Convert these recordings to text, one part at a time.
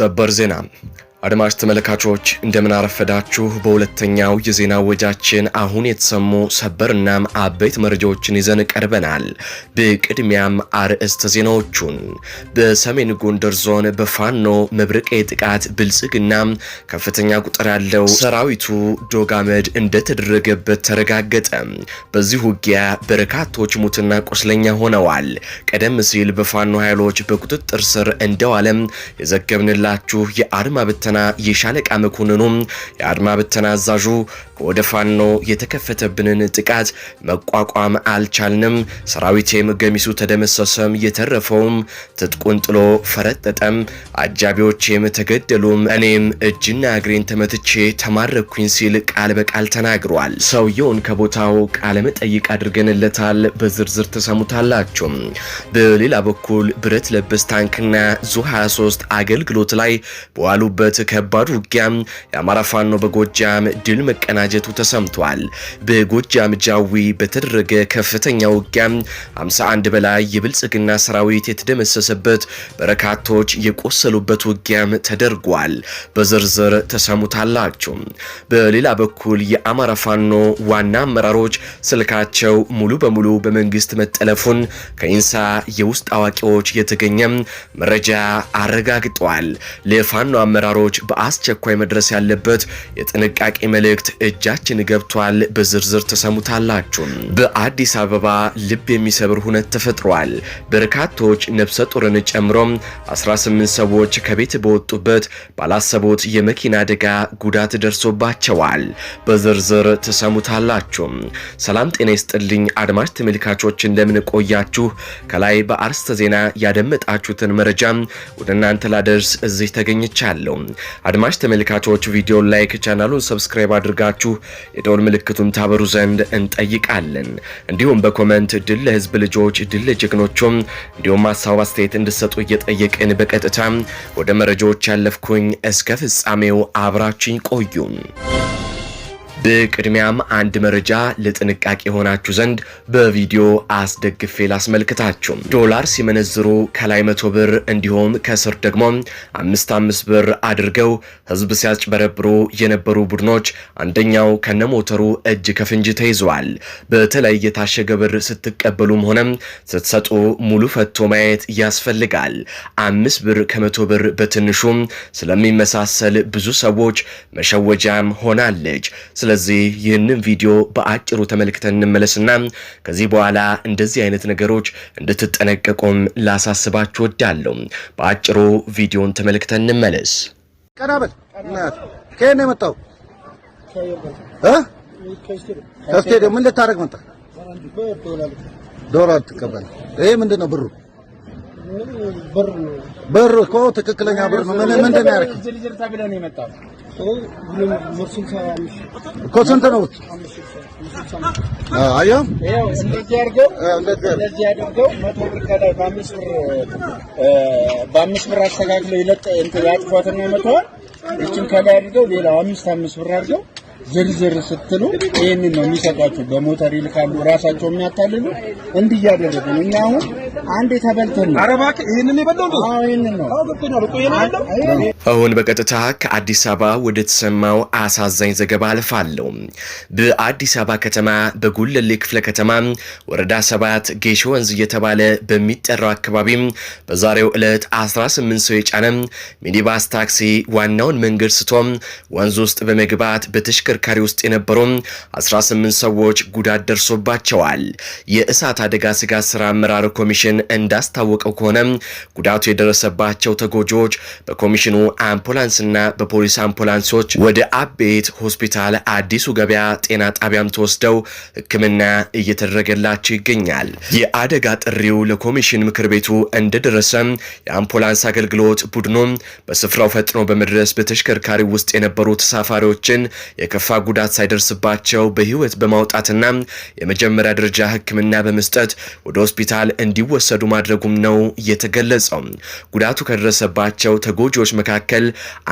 să bărzenam. አድማጭ ተመልካቾች እንደምን አረፈዳችሁ። በሁለተኛው የዜና ወጃችን አሁን የተሰሙ ሰበርናም አበይት መረጃዎችን ይዘን ቀርበናል። በቅድሚያም አርዕስተ ዜናዎቹን በሰሜን ጎንደር ዞን በፋኖ መብረቄ ጥቃት ብልጽግና ከፍተኛ ቁጥር ያለው ሰራዊቱ ዶጋመድ እንደተደረገበት ተረጋገጠ። በዚህ ውጊያ በርካቶች ሙትና ቁስለኛ ሆነዋል። ቀደም ሲል በፋኖ ኃይሎች በቁጥጥር ስር እንደዋለም የዘገብንላችሁ የአድማ ብታ ብተና የሻለቃ መኮንኑም የአድማ ብተና አዛዡ ከወደ ፋኖ የተከፈተብንን ጥቃት መቋቋም አልቻልንም፣ ሰራዊቴም ገሚሱ ተደመሰሰም፣ የተረፈውም ትጥቁን ጥሎ ፈረጠጠም፣ አጃቢዎቼም ተገደሉም፣ እኔም እጅና እግሬን ተመትቼ ተማረኩኝ ሲል ቃል በቃል ተናግሯል። ሰውየውን ከቦታው ቃለ መጠይቅ አድርገንለታል። በዝርዝር ተሰሙታላችሁ። በሌላ በኩል ብረት ለበስ ታንክና ዙ 23 አገልግሎት ላይ በዋሉበት ከባድ ውጊያም የአማራ ፋኖ በጎጃም ድል መቀናጀቱ ተሰምቷል። በጎጃም ጃዊ በተደረገ ከፍተኛ ውጊያም 51 በላይ የብልጽግና ሰራዊት የተደመሰሰበት በርካቶች የቆሰሉበት ውጊያም ተደርጓል። በዝርዝር ተሰሙታላችሁ። በሌላ በኩል የአማራ ፋኖ ዋና አመራሮች ስልካቸው ሙሉ በሙሉ በመንግስት መጠለፉን ከኢንሳ የውስጥ አዋቂዎች የተገኘም መረጃ አረጋግጧል። ለፋኖ አመራሮች ሰዎች በአስቸኳይ መድረስ ያለበት የጥንቃቄ መልእክት እጃችን ገብቷል። በዝርዝር ተሰሙታላችሁ። በአዲስ አበባ ልብ የሚሰብር ሁነት ተፈጥሯል። በርካቶች ነፍሰ ጡርን ጨምሮ 18 ሰዎች ከቤት በወጡበት ባላሰቡት የመኪና አደጋ ጉዳት ደርሶባቸዋል። በዝርዝር ተሰሙታላችሁ። ሰላም ጤና ይስጥልኝ አድማጭ ተመልካቾች እንደምን ቆያችሁ? ከላይ በአርስተ ዜና ያደመጣችሁትን መረጃ ወደ እናንተ ላደርስ እዚህ ተገኝቻለሁ። አድማጭ ተመልካቾች ቪዲዮ ላይክ፣ ቻናሉን ሰብስክራይብ አድርጋችሁ የደወል ምልክቱን ታበሩ ዘንድ እንጠይቃለን። እንዲሁም በኮመንት ድል ለህዝብ ልጆች፣ ድል ለጀግኖቹም እንዲሁም ሀሳብ አስተያየት እንድሰጡ እየጠየቅን በቀጥታ ወደ መረጃዎች ያለፍኩኝ እስከ ፍጻሜው አብራችኝ ቆዩ። በቅድሚያም አንድ መረጃ ለጥንቃቄ የሆናችሁ ዘንድ በቪዲዮ አስደግፌ ላስመልክታችሁ። ዶላር ሲመነዝሩ ከላይ መቶ ብር እንዲሁም ከስር ደግሞ አምስት አምስት ብር አድርገው ህዝብ ሲያጭበረብሩ የነበሩ ቡድኖች አንደኛው ከነሞተሩ እጅ ከፍንጅ ተይዘዋል። በተለይ የታሸገ ብር ስትቀበሉም ሆነም ስትሰጡ ሙሉ ፈቶ ማየት ያስፈልጋል። አምስት ብር ከመቶ ብር በትንሹም ስለሚመሳሰል ብዙ ሰዎች መሸወጃም ሆናለች። ስለዚህ ይህንን ቪዲዮ በአጭሩ ተመልክተን እንመለስና ከዚህ በኋላ እንደዚህ አይነት ነገሮች እንድትጠነቀቁም ላሳስባችሁ ወዳለሁ። በአጭሩ ቪዲዮን ተመልክተን እንመለስ። ቀናበል ከየት ነው የመጣው? ከስቴዲየም ምን ልታደርግ መጣ? ዶላር ትቀበል። ይሄ ምንድን ነው ብሩ ብር እኮ ትክክለኛ ብር ነው። ምን ምንድን ነው ያደረግህ እኮ? ስንት ነው? አየኸው፣ እንደዚህ አድርገው መቶ ብር ከላይ በአምስት ብር አስተካክለው ያጥፏትና መተዋል። ይህችን ከላይ አድርገው ሌላ አምስት አምስት ብር አድርገው ዝርዝር ስትሉ ይህንን ነው የሚሰጧቸው። በሞተር ይልካሉ፣ ራሳቸው የሚያታልሉ እንዲህ እያደረጉ ነው። እኛ አሁን አንድ የተበልተን ነው። ኧረ እባክህ ይህንን የበለው ነው። አዎ ይህንን ነው። አሁን በቀጥታ ከአዲስ አበባ ወደ ተሰማው አሳዛኝ ዘገባ አልፋለሁ። በአዲስ አበባ ከተማ በጉለሌ ክፍለ ከተማ ወረዳ ሰባት ጌሾ ወንዝ እየተባለ በሚጠራው አካባቢ በዛሬው ዕለት 18 ሰው የጫነ ሚኒባስ ታክሲ ዋናውን መንገድ ስቶም ወንዝ ውስጥ በመግባት በተሽከ ተሽከርካሪ ውስጥ የነበሩ 18 ሰዎች ጉዳት ደርሶባቸዋል። የእሳት አደጋ ስጋት ስራ አመራር ኮሚሽን እንዳስታወቀው ከሆነ ጉዳቱ የደረሰባቸው ተጎጂዎች በኮሚሽኑ አምቡላንስና በፖሊስ አምፑላንሶች ወደ አቤት ሆስፒታል አዲሱ ገበያ ጤና ጣቢያም ተወስደው ሕክምና እየተደረገላቸው ይገኛል። የአደጋ ጥሪው ለኮሚሽን ምክር ቤቱ እንደደረሰ የአምፑላንስ አገልግሎት ቡድኑ በስፍራው ፈጥኖ በመድረስ በተሽከርካሪ ውስጥ የነበሩ ተሳፋሪዎችን የከፋ ጉዳት ሳይደርስባቸው በህይወት በማውጣትና የመጀመሪያ ደረጃ ህክምና በመስጠት ወደ ሆስፒታል እንዲወሰዱ ማድረጉም ነው የተገለጸው። ጉዳቱ ከደረሰባቸው ተጎጂዎች መካከል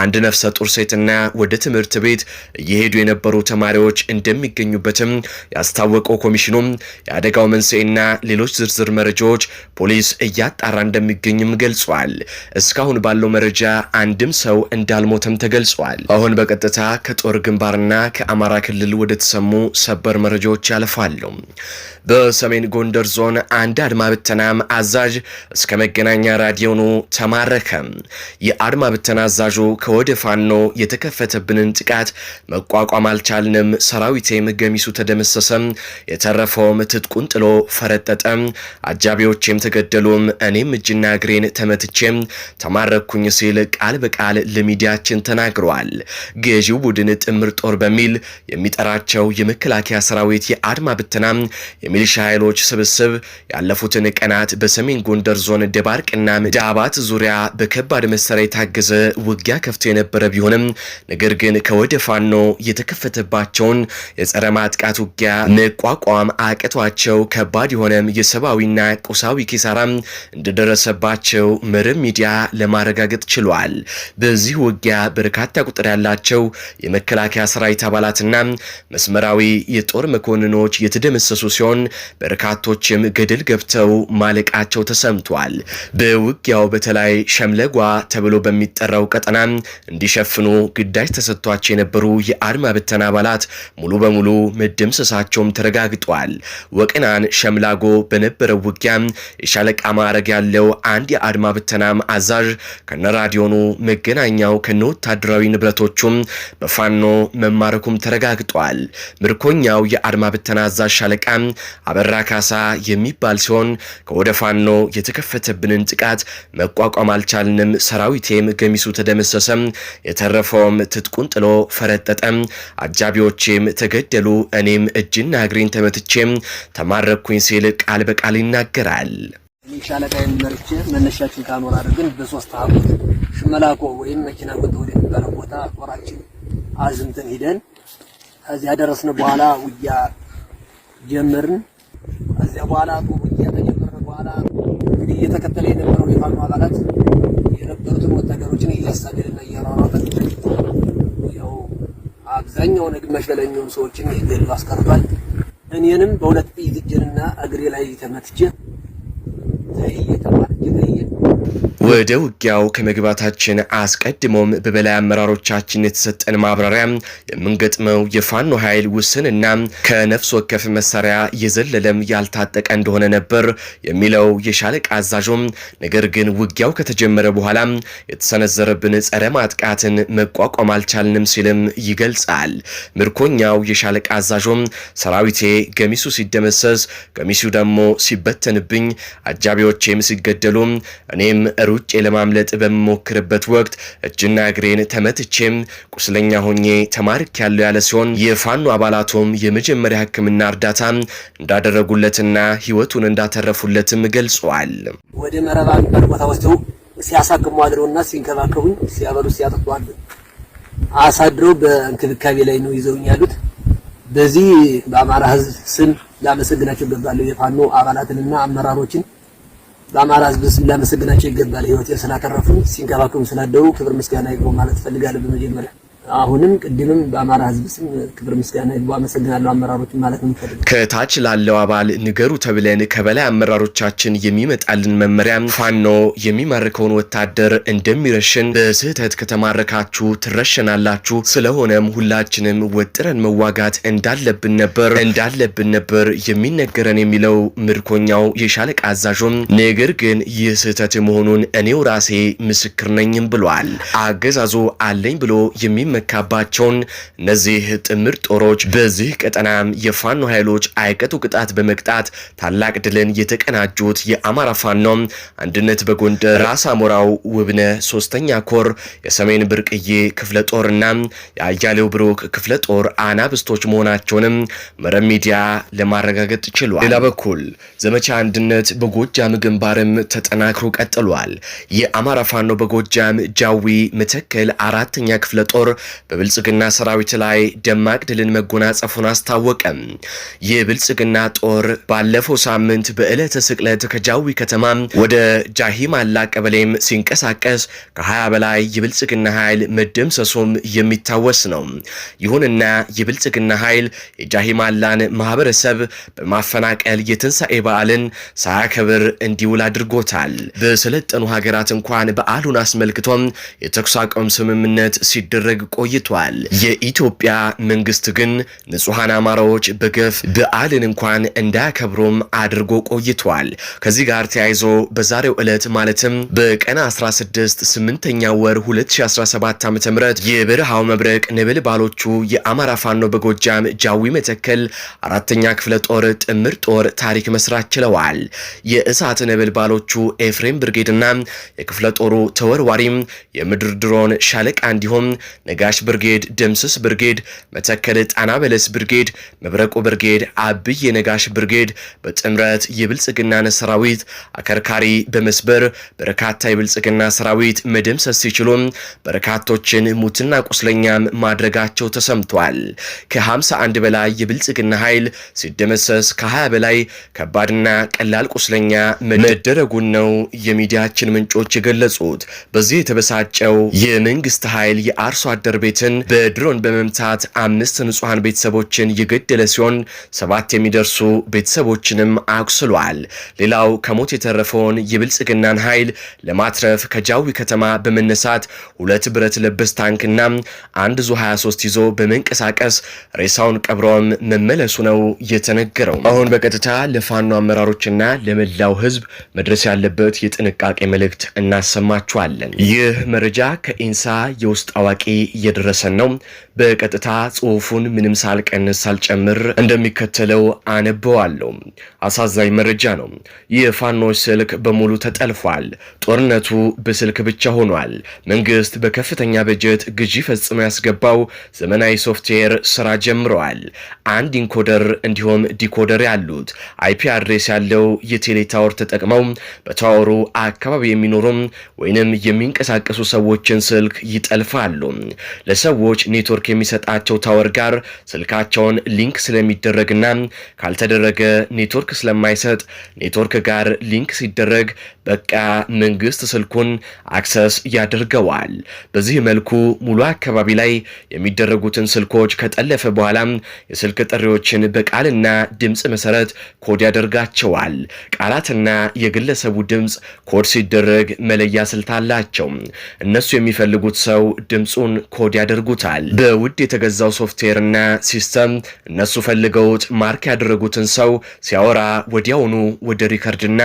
አንድ ነፍሰ ጡር ሴትና ወደ ትምህርት ቤት እየሄዱ የነበሩ ተማሪዎች እንደሚገኙበትም ያስታወቀው ኮሚሽኑም የአደጋው መንስኤና ሌሎች ዝርዝር መረጃዎች ፖሊስ እያጣራ እንደሚገኝም ገልጿል። እስካሁን ባለው መረጃ አንድም ሰው እንዳልሞተም ተገልጿል። አሁን በቀጥታ ከጦር ግንባርና ከአማራ ክልል ወደ ተሰሙ ሰበር መረጃዎች ያልፋሉ። በሰሜን ጎንደር ዞን አንድ አድማ ብተናም አዛዥ እስከ መገናኛ ራዲዮኑ ተማረከ። የአድማ ብተና አዛዡ ከወደ ፋኖ የተከፈተብንን ጥቃት መቋቋም አልቻልንም፣ ሰራዊቴም ገሚሱ ተደመሰሰም፣ የተረፈውም ትጥቁን ጥሎ ፈረጠጠም፣ አጃቢዎቼም ተገደሉም፣ እኔም እጅና እግሬን ተመትቼም ተማረኩኝ ሲል ቃል በቃል ለሚዲያችን ተናግረዋል። ገዢው ቡድን ጥምር ጦር በ በሚል የሚጠራቸው የመከላከያ ሰራዊት የአድማ ብተና የሚሊሻ ኃይሎች ስብስብ ያለፉትን ቀናት በሰሜን ጎንደር ዞን ደባርቅና ዳባት ዙሪያ በከባድ መሳሪያ የታገዘ ውጊያ ከፍቶ የነበረ ቢሆንም ነገር ግን ከወደ ፋኖ የተከፈተባቸውን የጸረ ማጥቃት ውጊያ መቋቋም አቅቷቸው ከባድ የሆነም የሰብአዊና ቁሳዊ ኪሳራም እንደደረሰባቸው መረብ ሚዲያ ለማረጋገጥ ችሏል። በዚህ ውጊያ በርካታ ቁጥር ያላቸው የመከላከያ ሰራዊት ሰራዊት አባላትና መስመራዊ የጦር መኮንኖች የተደመሰሱ ሲሆን በርካቶችም ገደል ገብተው ማለቃቸው ተሰምቷል። በውጊያው በተለይ ሸምለጓ ተብሎ በሚጠራው ቀጠና እንዲሸፍኑ ግዳጅ ተሰጥቷቸው የነበሩ የአድማ ብተና አባላት ሙሉ በሙሉ መደምሰሳቸውም ተረጋግጧል። ወቅናን ሸምላጎ በነበረው ውጊያ የሻለቃ ማዕረግ ያለው አንድ የአድማ ብተናም አዛዥ ከነ ራዲዮኑ መገናኛው ከነ ወታደራዊ ንብረቶቹም በፋኖ መማ መማረኩም ተረጋግጧል። ምርኮኛው የአድማ ብተና አዛዥ ሻለቃ አበራ ካሳ የሚባል ሲሆን ከወደ ፋኖ የተከፈተብንን ጥቃት መቋቋም አልቻልንም፣ ሰራዊቴም ገሚሱ ተደመሰሰም፣ የተረፈውም ትጥቁን ጥሎ ፈረጠጠም፣ አጃቢዎቼም ተገደሉ፣ እኔም እጅና እግሬን ተመትቼም ተማረኩኝ ሲል ቃል በቃል ይናገራል። ሻለቃ መርቼ መነሻችን ካኖር ግን በሶስት ሀብት ሽመላኮ ወይም መኪና ወደ የሚባለው ቦታ ቆራችን አዝምተን ሂደን እዚያ ደረስን። በኋላ ውያ ጀመርን። እዚያ በኋላ ውያ ተጀመረ። በኋላ እንግዲህ እየተከተለ የነበረው የፋኖ አባላት የነበሩትን ወታደሮችን እያሳደደና እያሯሯጠ ያው አብዛኛውን ግማሽ በላይኛውን ሰዎችን የገሉ አስቀርቷል። እኔንም በሁለት ጥይት እጄንና እግሬ ላይ ተመትቼ ወደ ውጊያው ከመግባታችን አስቀድሞም በበላይ አመራሮቻችን የተሰጠን ማብራሪያ የምንገጥመው የፋኖ ኃይል ውስንና ከነፍስ ወከፍ መሳሪያ የዘለለም ያልታጠቀ እንደሆነ ነበር የሚለው የሻለቃ አዛዦም፣ ነገር ግን ውጊያው ከተጀመረ በኋላ የተሰነዘረብን ጸረ ማጥቃትን መቋቋም አልቻልንም ሲልም ይገልጻል። ምርኮኛው የሻለቃ አዛዦም ሰራዊቴ ገሚሱ ሲደመሰስ ገሚሱ ደግሞ ሲበተንብኝ አጃቢዎቼም ሲገደሉ እኔም ሩ ውጭ ለማምለጥ በምሞክርበት ወቅት እጅና እግሬን ተመትቼም ቁስለኛ ሆኜ ተማርክ ያለው ያለ ሲሆን የፋኖ አባላቱም የመጀመሪያ ሕክምና እርዳታ እንዳደረጉለትና ህይወቱን እንዳተረፉለትም ገልጸዋል። ወደ መረባ የሚባል ቦታ ወስደው ሲያሳክሙ አድረውና ሲንከባከቡኝ ሲያበሉ ሲያጠጡ አሳድረው በእንክብካቤ ላይ ነው ይዘውኝ ያሉት። በዚህ በአማራ ህዝብ ስም ላመሰግናቸው ገባለሁ የፋኖ አባላትንና አመራሮችን በአማራ ህዝብ ስም ላመሰግናቸው ይገባል። ህይወቴን ስላተረፉ ሲንከባከቡ ስላደሩ ክብር ምስጋና ይግባው ማለት እፈልጋለሁ በመጀመሪያ አሁንም ቅድምም በአማራ ህዝብ ስም ክብር ምስጋና ይግባ አመሰግናለሁ። አመራሮችን ማለት ነው ከታች ላለው አባል ንገሩ ተብለን ከበላይ አመራሮቻችን የሚመጣልን መመሪያ ፋኖ የሚማርከውን ወታደር እንደሚረሽን በስህተት ከተማረካችሁ ትረሸናላችሁ። ስለሆነም ሁላችንም ወጥረን መዋጋት እንዳለብን ነበር እንዳለብን ነበር የሚነገረን የሚለው ምርኮኛው የሻለቃ አዛዡም፣ ነገር ግን ይህ ስህተት መሆኑን እኔው ራሴ ምስክር ነኝም ብሏል። አገዛዙ አለኝ ብሎ የሚመ የተመካባቸውን እነዚህ ጥምር ጦሮች በዚህ ቀጠናም የፋኖ ኃይሎች አይቀጡ ቅጣት በመቅጣት ታላቅ ድልን የተቀናጁት የአማራ ፋኖ አንድነት በጎንደር ራስ አሞራው ውብነ ሶስተኛ ኮር የሰሜን ብርቅዬ ክፍለ ጦርና የአያሌው ብሩክ ክፍለ ጦር አናብስቶች መሆናቸውንም መረብ ሚዲያ ለማረጋገጥ ችሏል። ሌላ በኩል ዘመቻ አንድነት በጎጃም ግንባርም ተጠናክሮ ቀጥሏል። የአማራ ፋኖ በጎጃም ጃዊ መተከል አራተኛ ክፍለ ጦር በብልጽግና ሰራዊት ላይ ደማቅ ድልን መጎናጸፉን አስታወቀም። ይህ ብልጽግና ጦር ባለፈው ሳምንት በዕለተ ስቅለት ከጃዊ ከተማ ወደ ጃሂማላ ቀበሌም ሲንቀሳቀስ ከ20 በላይ የብልጽግና ኃይል መደምሰሱም የሚታወስ ነው። ይሁንና የብልጽግና ኃይል የጃሂማላን ማህበረሰብ በማፈናቀል የትንሣኤ በዓልን ሳያከብር እንዲውል አድርጎታል። በሰለጠኑ ሀገራት እንኳን በዓሉን አስመልክቶም የተኩስ አቁም ስምምነት ሲደረግ ቆይቷል። የኢትዮጵያ መንግስት ግን ንጹሐን አማራዎች በገፍ በዓልን እንኳን እንዳያከብሩም አድርጎ ቆይቷል። ከዚህ ጋር ተያይዞ በዛሬው ዕለት ማለትም በቀን 16 8ኛ ወር 2017 ዓ ም የበረሃው መብረቅ ነበልባሎቹ የአማራ ፋኖ በጎጃም ጃዊ መተከል አራተኛ ክፍለ ጦር ጥምር ጦር ታሪክ መስራት ችለዋል። የእሳት ነበልባሎቹ ኤፍሬም ብርጌድና የክፍለ ጦሩ ተወርዋሪም የምድር ድሮን ሻለቃ እንዲሁም ነጋ ነጋሽ ብርጌድ፣ ድምስስ ብርጌድ፣ መተከል ጣና በለስ ብርጌድ፣ መብረቁ ብርጌድ፣ አብይ የነጋሽ ብርጌድ በጥምረት የብልጽግናን ሰራዊት አከርካሪ በመስበር በርካታ የብልጽግና ሰራዊት መደምሰስ ሲችሉም በርካቶችን ሙትና ቁስለኛም ማድረጋቸው ተሰምቷል። ከ51 በላይ የብልጽግና ኃይል ሲደመሰስ ከ20 በላይ ከባድና ቀላል ቁስለኛ መደረጉን ነው የሚዲያችን ምንጮች የገለጹት። በዚህ የተበሳጨው የመንግስት ኃይል የአርሶ አደ ሚኒስቴር ቤትን በድሮን በመምታት አምስት ንጹሐን ቤተሰቦችን የገደለ ሲሆን ሰባት የሚደርሱ ቤተሰቦችንም አቁስሏል። ሌላው ከሞት የተረፈውን የብልጽግናን ኃይል ለማትረፍ ከጃዊ ከተማ በመነሳት ሁለት ብረት ለበስ ታንክና አንድ ዙ 23 ይዞ በመንቀሳቀስ ሬሳውን ቀብረውም መመለሱ ነው የተነገረው። አሁን በቀጥታ ለፋኖ አመራሮችና ለመላው ህዝብ መድረስ ያለበት የጥንቃቄ መልእክት እናሰማችኋለን። ይህ መረጃ ከኢንሳ የውስጥ አዋቂ እየደረሰን ነው። በቀጥታ ጽሁፉን ምንም ሳልቀንስ ሳልጨምር እንደሚከተለው አነበዋለሁ። አሳዛኝ መረጃ ነው። የፋኖች ስልክ በሙሉ ተጠልፏል። ጦርነቱ በስልክ ብቻ ሆኗል። መንግስት በከፍተኛ በጀት ግዢ ፈጽሞ ያስገባው ዘመናዊ ሶፍትዌር ስራ ጀምረዋል። አንድ ኢንኮደር እንዲሁም ዲኮደር ያሉት አይፒ አድሬስ ያለው የቴሌ ታወር ተጠቅመው በታወሩ አካባቢ የሚኖሩም ወይንም የሚንቀሳቀሱ ሰዎችን ስልክ ይጠልፋሉ። ለሰዎች ኔትወርክ የሚሰጣቸው ታወር ጋር ስልካቸውን ሊንክ ስለሚደረግና ካልተደረገ ኔትወርክ ስለማይሰጥ ኔትወርክ ጋር ሊንክ ሲደረግ በቃ መንግስት ስልኩን አክሰስ ያደርገዋል። በዚህ መልኩ ሙሉ አካባቢ ላይ የሚደረጉትን ስልኮች ከጠለፈ በኋላ የስልክ ጥሪዎችን በቃልና ድምፅ መሰረት ኮድ ያደርጋቸዋል። ቃላትና የግለሰቡ ድምፅ ኮድ ሲደረግ መለያ ስልት አላቸው። እነሱ የሚፈልጉት ሰው ድምፁን ኮድ ያደርጉታል። በውድ የተገዛው ሶፍትዌርና ሲስተም እነሱ ፈልገውት ማርክ ያደረጉትን ሰው ሲያወራ ወዲያውኑ ወደ ሪከርድና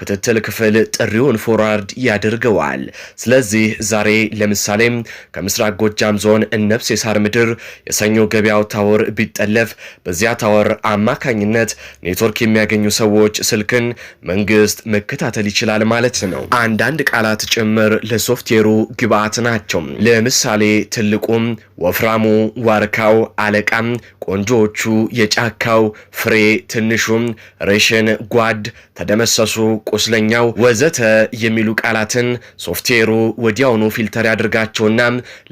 ክትትል ክፍል ጥሪውን ፎርዋርድ ያደርገዋል። ስለዚህ ዛሬ ለምሳሌም ከምስራቅ ጎጃም ዞን እነብስ የሳር ምድር የሰኞ ገበያው ታወር ቢጠለፍ በዚያ ታወር አማካኝነት ኔትወርክ የሚያገኙ ሰዎች ስልክን መንግስት መከታተል ይችላል ማለት ነው። አንዳንድ ቃላት ጭምር ለሶፍትዌሩ ግብአት ናቸው። ለምሳሌ ትልቁም፣ ወፍራሙ፣ ዋርካው፣ አለቃም፣ ቆንጆዎቹ፣ የጫካው ፍሬ፣ ትንሹም፣ ሬሽን፣ ጓድ፣ ተደመሰሱ፣ ቁስለኛው ወዘተ የሚሉ ቃላትን ሶፍትዌሩ ወዲያውኑ ፊልተር ያደርጋቸውና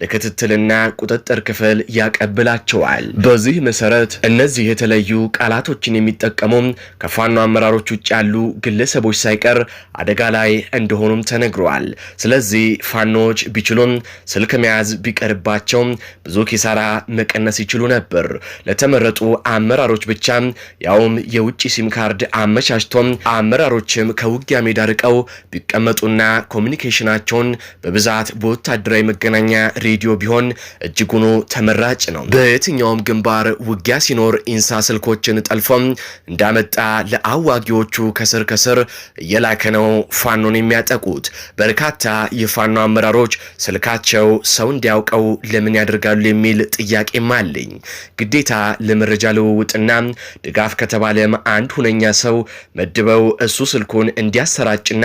ለክትትልና ቁጥጥር ክፍል ያቀብላቸዋል። በዚህ መሰረት እነዚህ የተለዩ ቃላቶችን የሚጠቀሙ ከፋኖ አመራሮች ውጭ ያሉ ግለሰቦች ሳይቀር አደጋ ላይ እንደሆኑም ተነግረዋል። ስለዚህ ፋኖዎች ቢችሉም ስልክ መያዝ ቢቀር ቢጫርባቸው ብዙ ኪሳራ መቀነስ ይችሉ ነበር። ለተመረጡ አመራሮች ብቻ ያውም የውጭ ሲም ካርድ አመቻችቶ አመራሮችም ከውጊያ ሜዳ ርቀው ቢቀመጡና ኮሚኒኬሽናቸውን በብዛት በወታደራዊ መገናኛ ሬዲዮ ቢሆን እጅጉኑ ተመራጭ ነው። በየትኛውም ግንባር ውጊያ ሲኖር ኢንሳ ስልኮችን ጠልፎም እንዳመጣ ለአዋጊዎቹ ከስር ከስር እየላከ ነው ፋኖን የሚያጠቁት። በርካታ የፋኖ አመራሮች ስልካቸው ሰው እንዲያውቀው ሰው ለምን ያደርጋሉ የሚል ጥያቄም አለኝ። ግዴታ ለመረጃ ልውውጥና ድጋፍ ከተባለም አንድ ሁነኛ ሰው መድበው እሱ ስልኩን እንዲያሰራጭና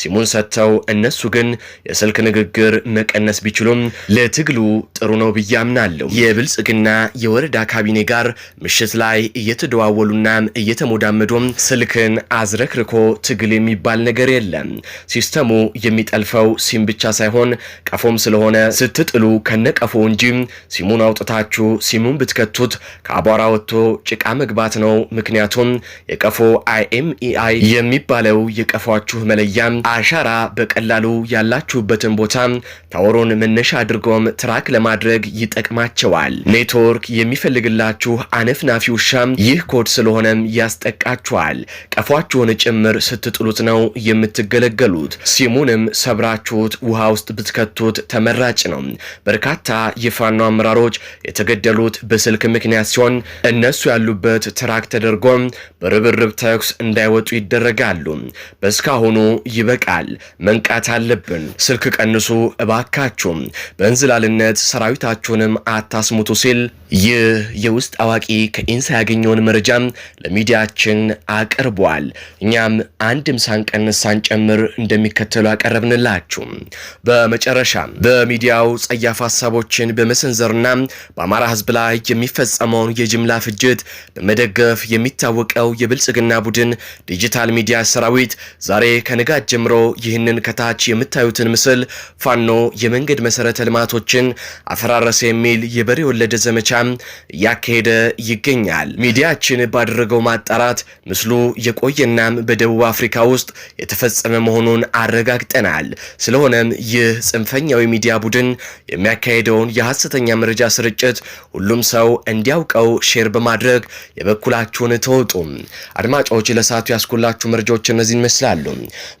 ሲሙን ሰጥተው እነሱ ግን የስልክ ንግግር መቀነስ ቢችሉም ለትግሉ ጥሩ ነው ብዬ አምናለሁ። የብልጽግና የወረዳ ካቢኔ ጋር ምሽት ላይ እየተደዋወሉና እየተሞዳመዱ ስልክን አዝረክርኮ ትግል የሚባል ነገር የለም። ሲስተሙ የሚጠልፈው ሲም ብቻ ሳይሆን ቀፎም ስለሆነ ስትጥሉ ከነቀፎ እንጂ ሲሙን አውጥታችሁ ሲሙን ብትከቱት ከአቧራ ወጥቶ ጭቃ መግባት ነው። ምክንያቱም የቀፎ አይኤምኢአይ e የሚባለው የቀፏችሁ መለያም አሻራ በቀላሉ ያላችሁበትን ቦታ ታወሮን መነሻ አድርጎም ትራክ ለማድረግ ይጠቅማቸዋል። ኔትወርክ የሚፈልግላችሁ አነፍናፊ ውሻም ይህ ኮድ ስለሆነም ያስጠቃችኋል። ቀፏችሁን ጭምር ስትጥሉት ነው የምትገለገሉት። ሲሙንም ሰብራችሁት ውሃ ውስጥ ብትከቱት ተመራጭ ነው። በርካታ የፋኖ አመራሮች የተገደሉት በስልክ ምክንያት ሲሆን እነሱ ያሉበት ትራክ ተደርጎም በርብርብ ተኩስ እንዳይወጡ ይደረጋሉ። በእስካሁኑ ይበቃል፣ መንቃት አለብን። ስልክ ቀንሱ እባካችሁ፣ በእንዝላልነት ሰራዊታችሁንም አታስሙቱ ሲል ይህ የውስጥ አዋቂ ከኢንሳ ያገኘውን መረጃም ለሚዲያችን አቅርቧል። እኛም አንድም ሳንቀንስ ሳንጨምር እንደሚከተሉ አቀረብንላችሁ። በመጨረሻ በሚዲያው ጸያፍ ሀሳቦችን በመሰንዘርና በአማራ ህዝብ ላይ የሚፈጸመውን የጅምላ ፍጅት በመደገፍ የሚታወቀው የብልጽግና ቡድን ዲጂታል ሚዲያ ሰራዊት ዛሬ ከንጋት ጀምሮ ይህንን ከታች የምታዩትን ምስል ፋኖ የመንገድ መሰረተ ልማቶችን አፈራረሰ የሚል የበሬ ወለደ ዘመቻ እያካሄደ ይገኛል። ሚዲያችን ባደረገው ማጣራት ምስሉ የቆየናም በደቡብ አፍሪካ ውስጥ የተፈጸመ መሆኑን አረጋግጠናል። ስለሆነም ይህ ጽንፈኛዊ ሚዲያ ቡድን የሚያ የሚያካሄደውን የሐሰተኛ መረጃ ስርጭት ሁሉም ሰው እንዲያውቀው ሼር በማድረግ የበኩላችሁን ተወጡ። አድማጮች ለሰዓቱ ያስኩላችሁ መረጃዎች እነዚህን ይመስላሉ።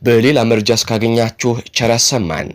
በሌላ መረጃ እስካገኛችሁ ቸር ያሰማን።